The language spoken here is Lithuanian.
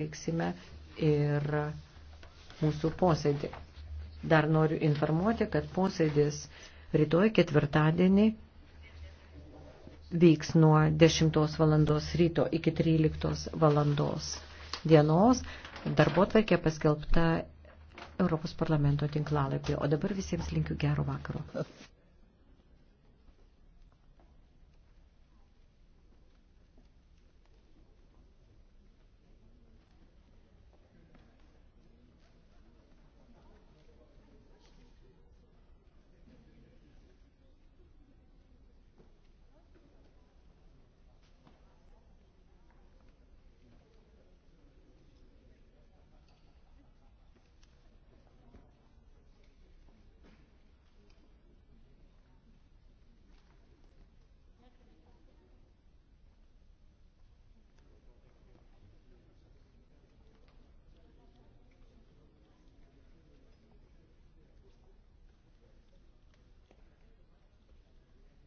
baigsime ir mūsų posėdį. Dar noriu informuoti, kad posėdis rytoj ketvirtadienį vyks nuo 10 valandos ryto iki 13 valandos dienos. Darbo tvarkė paskelbta Europos parlamento tinklalapį. O dabar visiems linkiu gero vakaro.